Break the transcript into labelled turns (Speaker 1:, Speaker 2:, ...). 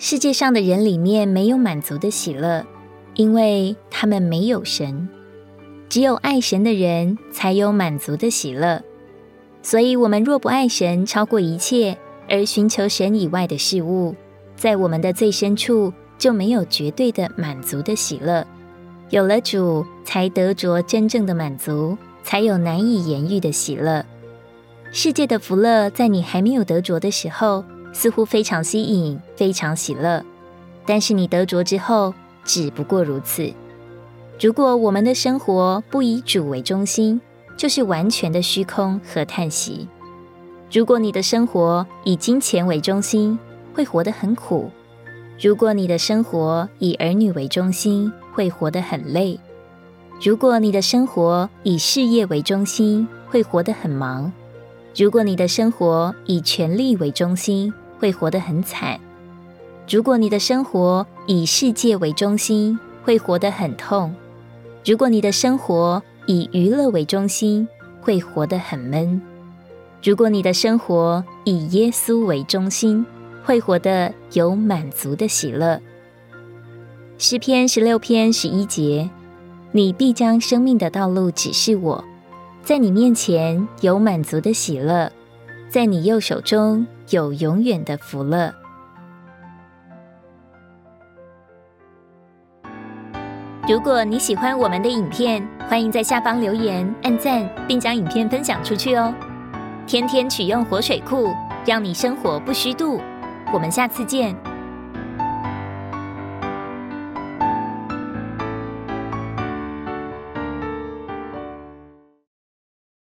Speaker 1: 世界上的人裡面沒有滿足的喜樂，因為他們沒有神。只有愛神的人才有滿足的喜樂。所以，我們若不愛神超過一切，而尋求神以外的事物，在我們的最深處就沒有絕對的滿足的喜樂。有了主，才得着真正的滿足，才有難以言喻的喜樂。世界的福樂，在你還沒有得着的時候。似乎非常吸引，非常喜樂，但是你得着之後，只不過如此。如果我們的生活不以主為中心，就是完全的虛空和嘆息。如果你的生活以金錢為中心，會活得很苦；如果你的生活以兒女為中心，會活得很累；如果你的生活以事業為中心，會活得很忙；如果你的生活以權力為中心，會活得很慘。如果你的生活以世界為中心，會活得很痛；如果你的生活以娛樂為中心，會活得很悶；如果你的生活以耶穌為中心，會活得有滿足的喜樂。詩篇十六篇十一節：你必將生命的道路指示我，在你面前有滿足的喜樂。在你右手中有永遠的福樂。如果你喜歡我們的影片，歡迎在下方留言、按讚，並將影片分享出去哦。天天取用活水庫，讓你生活不虛度。我們下次見。